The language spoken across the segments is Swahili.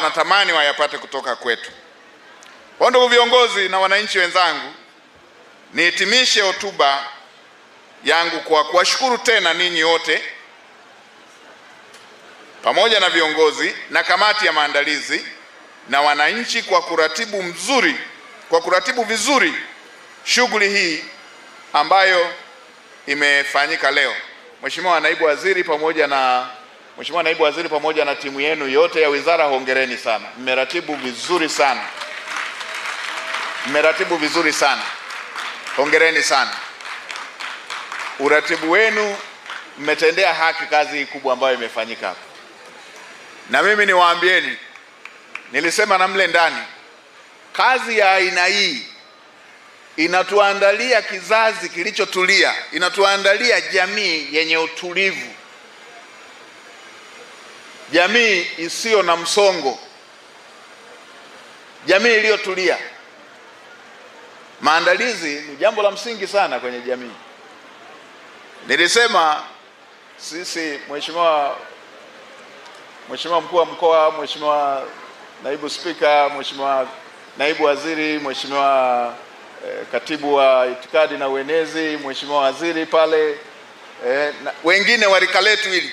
anatamani wayapate kutoka kwetu. Kwa ndugu viongozi na wananchi wenzangu, nihitimishe hotuba yangu kwa kuwashukuru tena ninyi wote pamoja na viongozi na kamati ya maandalizi na wananchi kwa kuratibu mzuri, kwa kuratibu vizuri shughuli hii ambayo imefanyika leo. Mheshimiwa Naibu Waziri pamoja na Mheshimiwa Naibu Waziri pamoja na timu yenu yote ya wizara, hongereni sana, mmeratibu vizuri sana, mmeratibu vizuri sana, hongereni sana. Uratibu wenu mmetendea haki kazi kubwa ambayo imefanyika hapa, na mimi niwaambieni, nilisema na mle ndani, kazi ya aina hii inatuandalia kizazi kilichotulia, inatuandalia jamii yenye utulivu jamii isiyo na msongo, jamii iliyotulia. Maandalizi ni jambo la msingi sana kwenye jamii. Nilisema sisi, mheshimiwa mheshimiwa mkuu wa mkoa, mheshimiwa naibu spika, mheshimiwa naibu waziri, mheshimiwa eh, katibu wa itikadi na uenezi, mheshimiwa waziri pale eh, na, wengine wa rika letu hili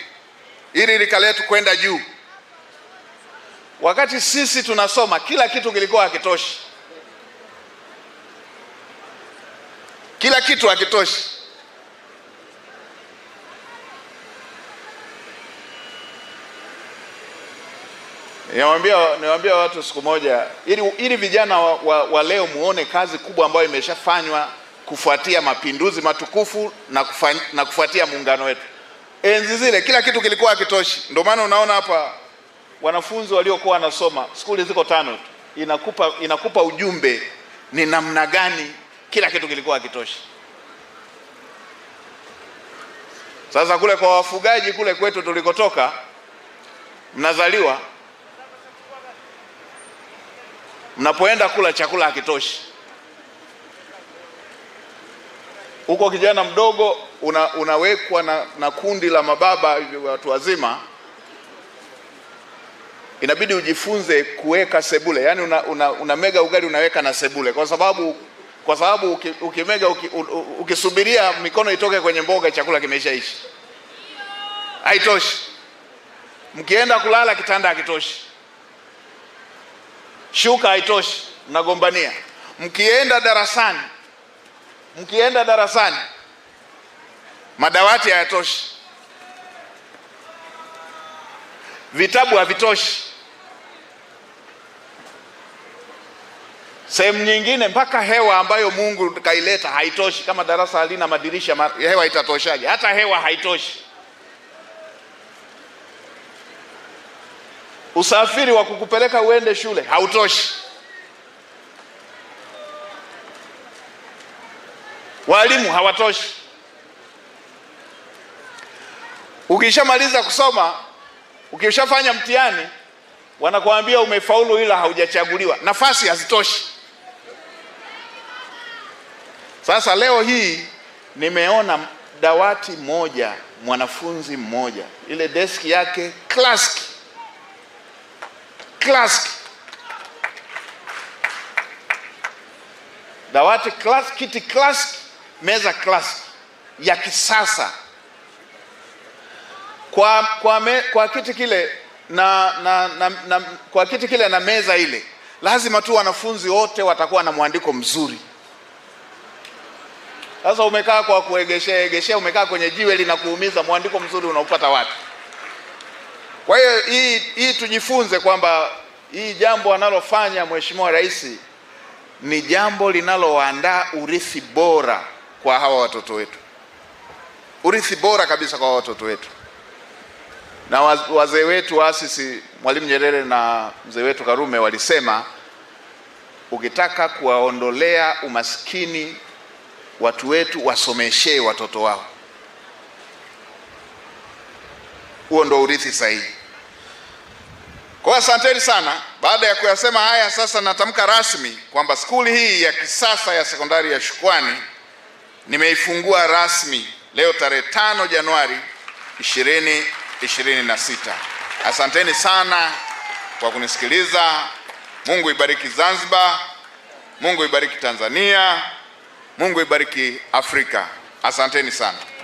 ili rika letu kwenda juu. Wakati sisi tunasoma kila kitu kilikuwa hakitoshi, kila kitu hakitoshi. Niwaambia watu siku moja, ili, ili vijana wa, wa, wa leo muone kazi kubwa ambayo imeshafanywa kufuatia mapinduzi matukufu na, na kufuatia muungano wetu. Enzi zile kila kitu kilikuwa hakitoshi. Ndio maana unaona hapa wanafunzi waliokuwa wanasoma skuli ziko tano tu, inakupa, inakupa ujumbe ni namna gani kila kitu kilikuwa hakitoshi. Sasa kule kwa wafugaji kule kwetu tulikotoka, mnazaliwa mnapoenda kula chakula hakitoshi. Huko kijana mdogo una, unawekwa na, na kundi la mababa watu wazima, inabidi ujifunze kuweka sebule, yaani una, una, una mega ugali unaweka na sebule, kwa sababu kwa sababu ukimega uki ukisubiria mikono itoke kwenye mboga, chakula kimeshaishi, haitoshi. Mkienda kulala kitanda hakitoshi, shuka haitoshi, mnagombania. Mkienda darasani mkienda darasani madawati hayatoshi, vitabu havitoshi, sehemu nyingine mpaka hewa ambayo Mungu kaileta haitoshi. Kama darasa halina madirisha, hewa itatoshaje? Hata hewa haitoshi. Usafiri wa kukupeleka uende shule hautoshi. Walimu hawatoshi. Ukishamaliza kusoma, ukishafanya mtihani, wanakuambia umefaulu, ila haujachaguliwa. Nafasi hazitoshi. Sasa leo hii nimeona dawati moja, mwanafunzi mmoja, ile deski yake klaski klaski dawati class, kiti klaski meza class ya kisasa kwa, kwa, me, kwa kiti kile na, na, na, na, kwa kiti kile na meza ile, lazima tu wanafunzi wote watakuwa na mwandiko mzuri. Sasa umekaa kwa kuegeshea egeshea, umekaa kwenye jiwe linakuumiza, mwandiko mzuri unaupata wapi? Kwa hiyo hii, hii tujifunze kwamba hii jambo analofanya Mheshimiwa Rais ni jambo linaloandaa urithi bora kwa hawa watoto wetu, urithi bora kabisa kwa watoto wetu na wazee wetu waasisi Mwalimu Nyerere na mzee wetu Karume walisema, ukitaka kuwaondolea umaskini watu wetu, wasomeshee watoto wao. Huo ndo urithi sahihi. Kwa asanteni sana. Baada ya kuyasema haya, sasa natamka rasmi kwamba skuli hii ya kisasa ya sekondari ya Shukwani nimeifungua rasmi leo tarehe 5 Januari 2026. Asanteni sana kwa kunisikiliza. Mungu ibariki Zanzibar, Mungu ibariki Tanzania, Mungu ibariki Afrika. Asanteni sana.